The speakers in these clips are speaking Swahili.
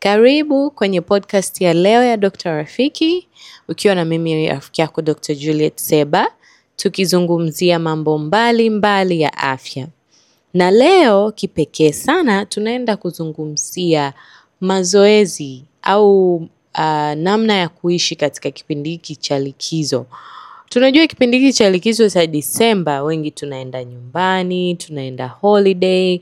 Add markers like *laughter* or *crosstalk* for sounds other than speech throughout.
Karibu kwenye podcast ya leo ya Dr. Rafiki, ukiwa na mimi rafiki yako Dr. Juliet Seba, tukizungumzia mambo mbalimbali mbali ya afya. Na leo kipekee sana tunaenda kuzungumzia mazoezi au uh, namna ya kuishi katika kipindi hiki cha likizo. Tunajua kipindi hiki cha likizo cha Disemba, wengi tunaenda nyumbani, tunaenda holiday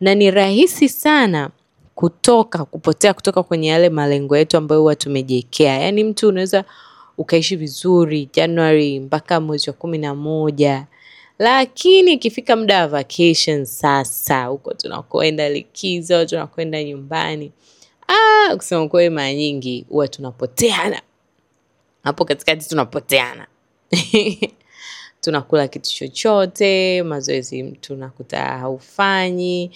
na ni rahisi sana kutoka kupotea kutoka kwenye yale malengo yetu ambayo huwa tumejiwekea. Yaani mtu unaweza ukaishi vizuri Januari mpaka mwezi wa kumi na moja, lakini ikifika muda wa vacation sasa, huko tunakoenda likizo, tunakwenda nyumbani, ah, kusema kweli, mara nyingi huwa tunapoteana hapo katikati, tunapoteana *laughs* tunakula kitu chochote, mazoezi tunakuta haufanyi,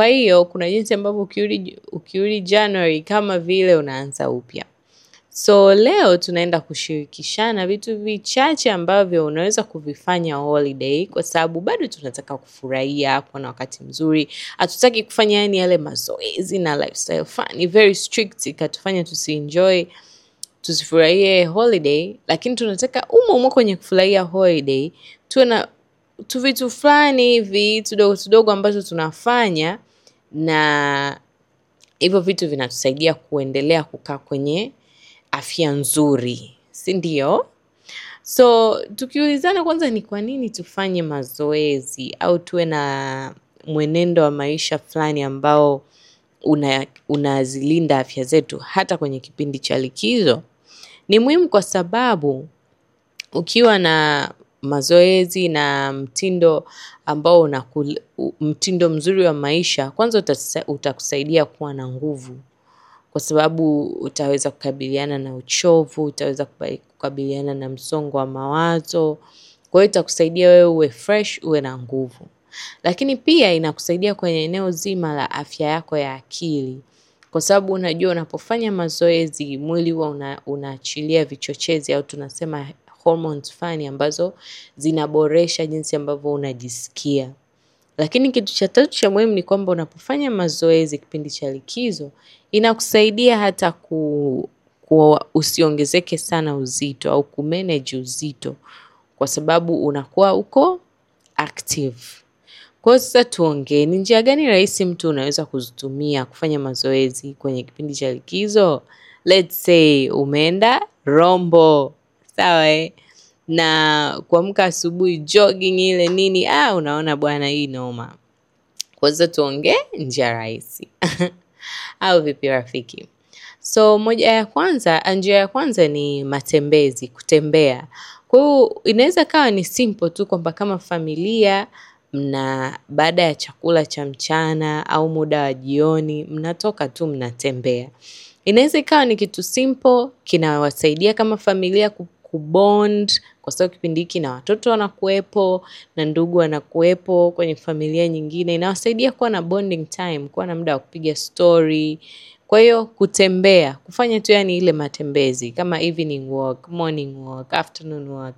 kwa hiyo kuna jinsi ambavyo ukiuli, ukiuli January kama vile unaanza upya. So leo tunaenda kushirikishana vitu vichache ambavyo unaweza kuvifanya holiday, kwa sababu bado tunataka kufurahia, kuwa na wakati mzuri. Hatutaki kufanya yani yale mazoezi na lifestyle fulani very strict ikatufanya tusienjoy, tusifurahie holiday, lakini tunataka umo umo kwenye kufurahia holiday tuwe na tu vitu fulani hivi tudogo tudogo ambazo tunafanya na hivyo vitu vinatusaidia kuendelea kukaa kwenye afya nzuri, si ndio? So tukiulizana kwanza, ni kwa nini tufanye mazoezi au tuwe na mwenendo wa maisha fulani ambao una unazilinda afya zetu hata kwenye kipindi cha likizo, ni muhimu kwa sababu ukiwa na mazoezi na mtindo ambao una mtindo mzuri wa maisha, kwanza utakusaidia kuwa na nguvu, kwa sababu utaweza kukabiliana na uchovu, utaweza kukabiliana na msongo wa mawazo. Kwa hiyo itakusaidia wewe uwe fresh, uwe na nguvu. Lakini pia inakusaidia kwenye eneo zima la afya yako ya akili, kwa sababu unajua unapofanya mazoezi mwili huwa una unaachilia vichochezi au tunasema hormones fani ambazo zinaboresha jinsi ambavyo unajisikia. Lakini kitu cha tatu cha muhimu ni kwamba unapofanya mazoezi kipindi cha likizo inakusaidia hata ku, ku usiongezeke sana uzito au kumanage uzito kwa sababu unakuwa uko active. Kwa sasa tuongee ni njia gani rahisi mtu unaweza kuzitumia kufanya mazoezi kwenye kipindi cha likizo? Let's say umeenda Rombo sawa eh. na kuamka asubuhi jogging ile nini, ah, unaona bwana, hii noma. kwanza tuongee njia rahisi *laughs* au vipi rafiki? So moja ya kwanza, njia ya kwanza ni matembezi, kutembea. Kwa hiyo inaweza kawa ni simple tu kwamba kama familia mna baada ya chakula cha mchana au muda wa jioni, mnatoka tu mnatembea. Inaweza ikawa ni kitu simple kinawasaidia kama familia kubond, kwa sababu kipindi hiki na watoto wanakuwepo na ndugu wanakuwepo kwenye familia nyingine, inawasaidia kuwa na bonding time, kuwa na muda wa kupiga story. Kwa hiyo kutembea, kufanya tu yani ile matembezi kama evening walk, morning walk, afternoon walk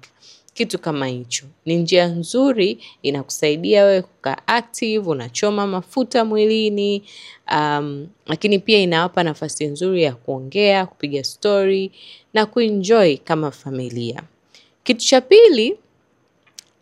kitu kama hicho. Ni njia nzuri, inakusaidia wewe kukaa active, unachoma mafuta mwilini um, lakini pia inawapa nafasi nzuri ya kuongea, kupiga story na kuenjoy kama familia. Kitu cha pili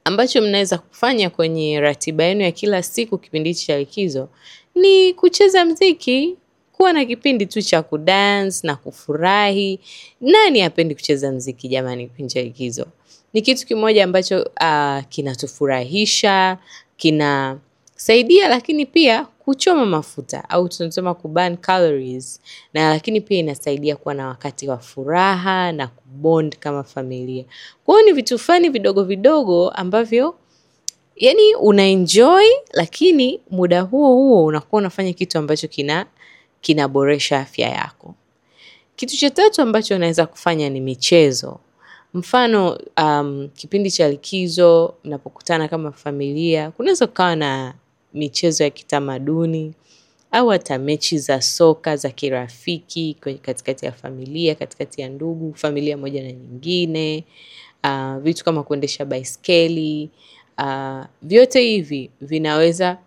ambacho mnaweza kufanya kwenye ratiba yenu ya kila siku kipindi hichi cha likizo ni kucheza mziki, kuwa na kipindi tu cha kudance na kufurahi. Nani apendi kucheza mziki jamani, kipindi cha likizo? ni kitu kimoja ambacho uh, kinatufurahisha, kinasaidia lakini pia kuchoma mafuta au tunasema kuburn calories, na lakini pia inasaidia kuwa na wakati wa furaha na kubond kama familia. Kwa hiyo ni vitu fani vidogo vidogo ambavyo yani unaenjoy, lakini muda huo huo unakuwa unafanya kitu ambacho kina kinaboresha afya yako. Kitu cha tatu ambacho unaweza kufanya ni michezo. Mfano um, kipindi cha likizo mnapokutana kama familia, kunaweza kukawa na michezo ya kitamaduni au hata mechi za soka za kirafiki katikati ya familia, katikati ya ndugu, familia moja na nyingine. Uh, vitu kama kuendesha baiskeli uh, vyote hivi vinaweza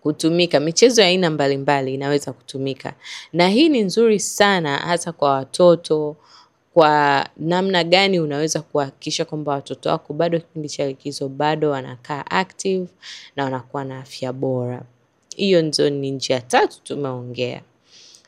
kutumika. Michezo ya aina mbalimbali inaweza kutumika, na hii ni nzuri sana hasa kwa watoto kwa namna gani unaweza kuhakikisha kwamba watoto wako bado kipindi cha likizo bado wanakaa active na wanakuwa na afya bora. Hiyo ndio ni njia tatu tumeongea.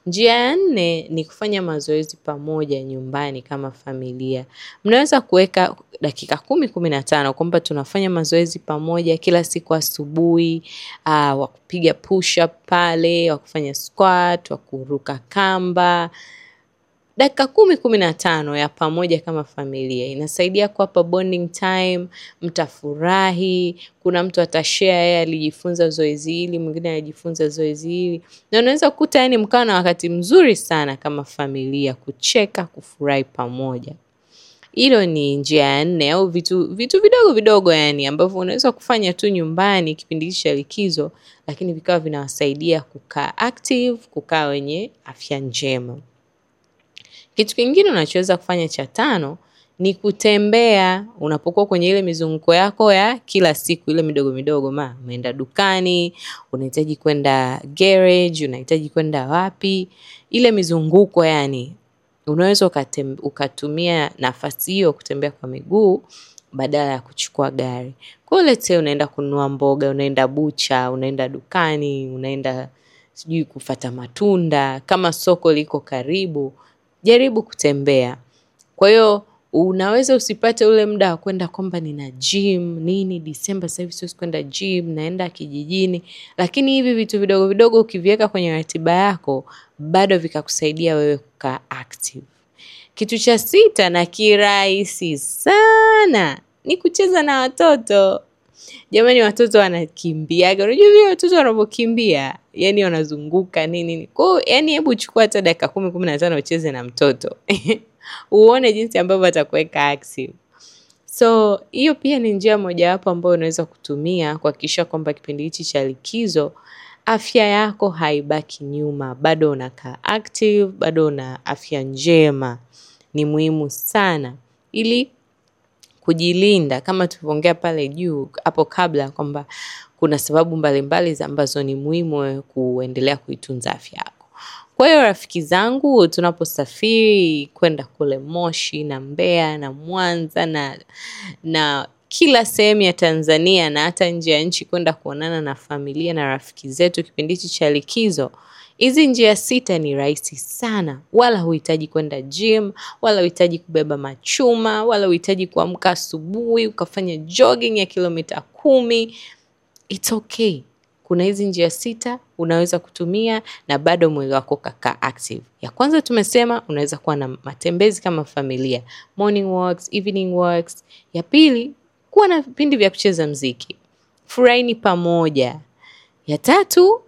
Njia ya nne ni kufanya mazoezi pamoja nyumbani kama familia. Mnaweza kuweka dakika kumi kumi na tano kwamba tunafanya mazoezi pamoja kila siku asubuhi, ah, wa kupiga push up pale, wa kufanya squat, wa kuruka kamba dakika kumi kumi na tano ya pamoja kama familia inasaidia kuwapa bonding time, mtafurahi. Kuna mtu atashea yeye alijifunza zoezi hili, mwingine alijifunza zoezi hili, na unaweza kukuta yani mkawa na wakati mzuri sana kama familia, kucheka, kufurahi pamoja. Hilo ni njia ya nne, au vitu vitu vidogo vidogo yani ambavyo unaweza kufanya tu nyumbani kipindi hichi cha likizo, lakini vikawa vinawasaidia kukaa active, kukaa wenye afya njema. Kitu kingine unachoweza kufanya cha tano ni kutembea. Unapokuwa kwenye ile mizunguko yako ya kila siku ile midogo midogo, ma umeenda dukani, unahitaji kwenda garage, unahitaji kwenda wapi, ile mizunguko yani, unaweza ukatumia nafasi hiyo kutembea kwa miguu badala ya kuchukua gari. Kwa hiyo let's say unaenda kununua mboga, unaenda bucha, unaenda dukani, unaenda sijui kufata matunda, kama soko liko karibu, jaribu kutembea. Kwa hiyo unaweza usipate ule muda wa kwenda kwamba nina gym nini Disemba sasa hivi siwezi kwenda gym, naenda kijijini, lakini hivi vitu vidogo vidogo ukiviweka kwenye ratiba yako bado vikakusaidia wewe kukaa active. Kitu cha sita na kirahisi sana ni kucheza na watoto. Jamani, watoto wanakimbiaga, unajua vile watoto wanavyokimbia, yani wanazunguka nini kwa, Yani hebu chukua hata dakika kumi kumi na tano ucheze na mtoto *laughs* uone jinsi ambavyo atakuweka active. So hiyo pia ni njia mojawapo ambayo unaweza kutumia kuhakikisha kwamba kipindi hichi cha likizo afya yako haibaki nyuma, bado unakaa active, bado una afya njema. Ni muhimu sana ili kujilinda kama tulivyoongea pale juu hapo kabla kwamba kuna sababu mbalimbali ambazo ni muhimu kuendelea kuitunza afya yako. Kwa hiyo rafiki zangu, tunaposafiri kwenda kule Moshi na Mbeya na Mwanza na na kila sehemu ya Tanzania na hata nje ya nchi kwenda kuonana na familia na rafiki zetu kipindi hichi cha likizo Hizi njia sita ni rahisi sana, wala huhitaji kwenda gym, wala huhitaji kubeba machuma, wala huhitaji kuamka asubuhi ukafanya jogging ya kilomita kumi. It's okay. Kuna hizi njia sita unaweza kutumia na bado mwili wako ukakaa active. Ya kwanza tumesema unaweza kuwa na matembezi kama familia, morning walks, evening walks. Ya pili, kuwa na vipindi vya kucheza mziki, furahini pamoja. Ya tatu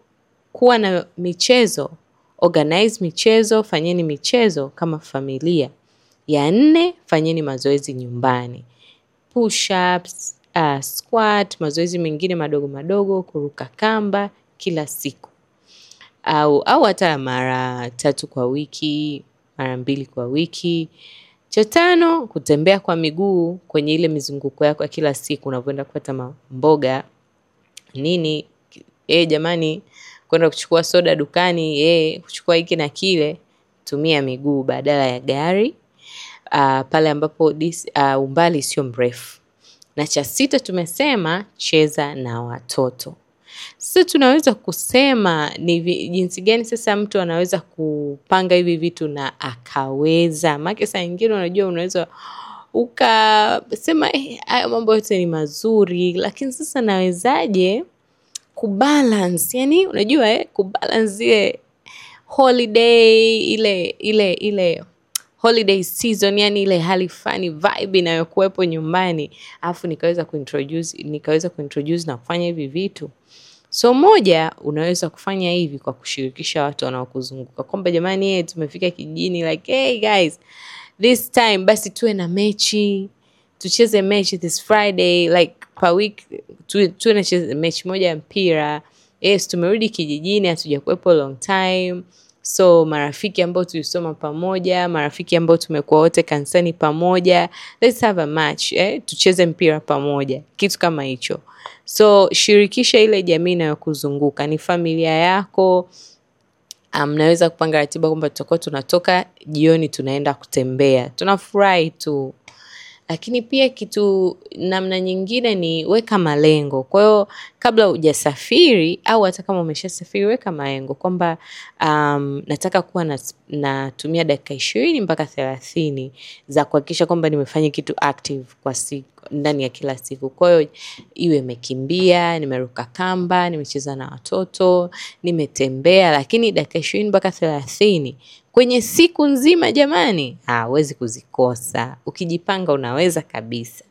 kuwa na michezo, organize michezo, fanyeni michezo kama familia. Ya nne, fanyeni mazoezi nyumbani, push ups, uh, squat, mazoezi mengine madogo madogo, kuruka kamba kila siku au au hata mara tatu kwa wiki, mara mbili kwa wiki. Cha tano, kutembea kwa miguu kwenye ile mizunguko yako ya kila siku unavyoenda kupata mboga nini. E, jamani kwenda kuchukua soda dukani, yeye eh, kuchukua hiki na kile, tumia miguu badala ya gari uh, pale ambapo dis, uh, umbali sio mrefu. Na cha sita tumesema cheza na watoto. Sasa tunaweza kusema ni jinsi gani sasa mtu anaweza kupanga hivi vitu na akaweza, maana saa nyingine unajua unaweza ukasema eh, haya mambo yote ni mazuri, lakini sasa nawezaje kubalance yani unajua eh, kubalance ile holiday ile ile ile holiday season, yani ile hali fani vibe inayokuwepo nyumbani, alafu nikaweza kuintroduce nikaweza kuintroduce na kufanya hivi vitu. So moja, unaweza kufanya hivi kwa kushirikisha watu wanaokuzunguka kwamba jamani, eh, tumefika kijini like hey guys, this time basi tuwe na mechi tucheze mechi this Friday like per week tu, tu mechi moja ya mpira. Yes, tumerudi kijijini, hatujakuwepo long time so marafiki ambao tulisoma pamoja, marafiki ambao tumekuwa wote kansani pamoja, let's have a match eh, tucheze mpira pamoja, kitu kama hicho. So shirikisha ile jamii inayokuzunguka, ni familia yako. Mnaweza um, kupanga ratiba kwamba tutakuwa tunatoka jioni, tunaenda kutembea, tunafurahi tu. Lakini pia kitu namna nyingine ni weka malengo. Kwa hiyo kabla hujasafiri au hata kama umeshasafiri, weka malengo kwamba um, nataka kuwa natumia dakika ishirini mpaka thelathini za kuhakikisha kwamba nimefanya kitu active kwa siku, ndani ya kila siku. Kwa hiyo iwe imekimbia, nimeruka kamba, nimecheza na watoto, nimetembea, lakini dakika ishirini mpaka thelathini kwenye siku nzima jamani, hawezi kuzikosa. Ukijipanga unaweza kabisa,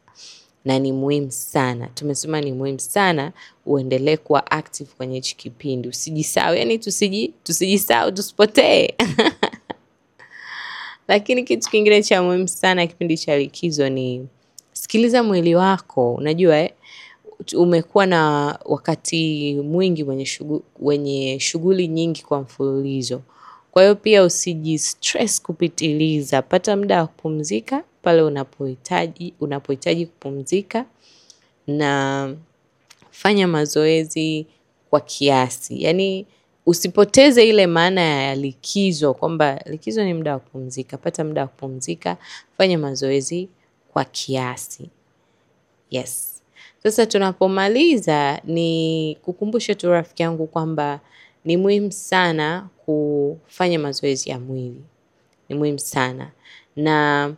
na ni muhimu sana. Tumesema ni muhimu sana uendelee kuwa active kwenye hichi kipindi, usijisahau. Yani tusiji tusijisahau, tusipotee *laughs* lakini kitu kingine cha muhimu sana kipindi cha likizo ni sikiliza mwili wako. Unajua eh, umekuwa na wakati mwingi wenye wenye shughuli nyingi kwa mfululizo. Kwa hiyo pia usijistress kupitiliza, pata muda wa kupumzika pale unapohitaji unapohitaji kupumzika na fanya mazoezi kwa kiasi, yaani usipoteze ile maana ya likizo kwamba likizo ni muda wa kupumzika. Pata muda wa kupumzika, fanya mazoezi kwa kiasi. Yes. Sasa tunapomaliza ni kukumbushe tu rafiki yangu kwamba ni muhimu sana kufanya mazoezi ya mwili ni muhimu sana, na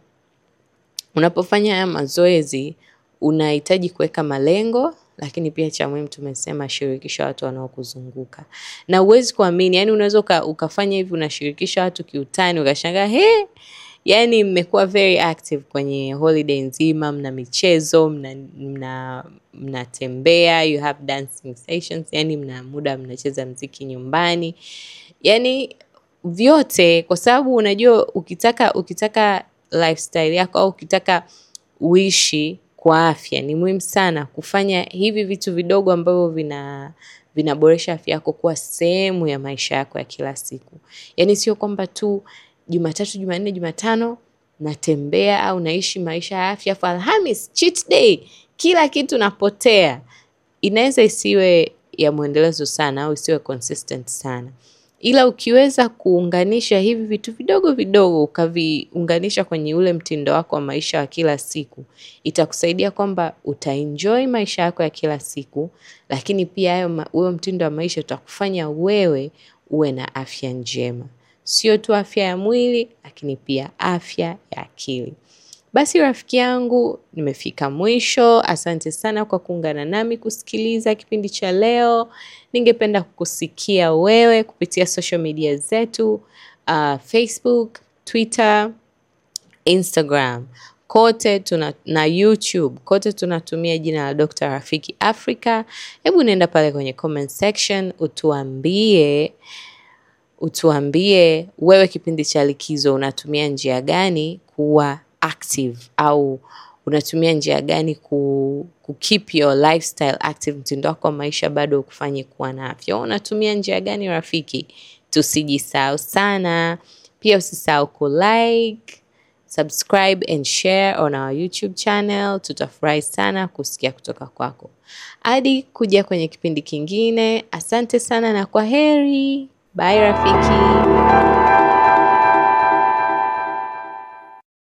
unapofanya haya mazoezi unahitaji kuweka malengo, lakini pia cha muhimu tumesema, shirikisha watu wanaokuzunguka. Na huwezi kuamini, yani unaweza uka, ukafanya hivi unashirikisha watu kiutani, ukashanga he, yani mmekuwa very active kwenye holiday nzima, mna michezo, mna mnatembea, you have dancing sessions, yani mna muda mnacheza mziki nyumbani yani vyote, kwa sababu unajua ukitaka ukitaka lifestyle yako au ukitaka uishi kwa afya, ni muhimu sana kufanya hivi vitu vidogo ambavyo vina vinaboresha afya yako kuwa sehemu ya maisha yako ya kila siku. Yaani sio kwamba tu Jumatatu, Jumanne, Jumatano natembea au naishi maisha ya afya, afu Alhamis cheat day kila kitu napotea. Inaweza isiwe ya mwendelezo sana au isiwe consistent sana ila ukiweza kuunganisha hivi vitu vidogo vidogo ukaviunganisha kwenye ule mtindo wako wa maisha wa kila siku, itakusaidia kwamba utaenjoy maisha yako ya kila siku, lakini pia huyo mtindo wa maisha utakufanya wewe uwe na afya njema, sio tu afya ya mwili, lakini pia afya ya akili. Basi rafiki yangu, nimefika mwisho. Asante sana kwa kuungana nami kusikiliza kipindi cha leo. Ningependa kukusikia wewe kupitia social media zetu, uh, Facebook, Twitter, Instagram kote tuna, na YouTube kote tunatumia jina la Dr. Rafiki Africa. Hebu nenda pale kwenye comment section utuambie utuambie wewe kipindi cha likizo unatumia njia gani kuwa active au unatumia njia gani ku, ku keep your lifestyle active, mtindo wako wa maisha bado ukufanye kuwa na afya. Unatumia njia gani rafiki? Tusijisahau sana. Pia usisahau ku like, subscribe and share on our YouTube channel. Tutafurahi sana kusikia kutoka kwako. Hadi kuja kwenye kipindi kingine, asante sana na kwa heri. Bye rafiki.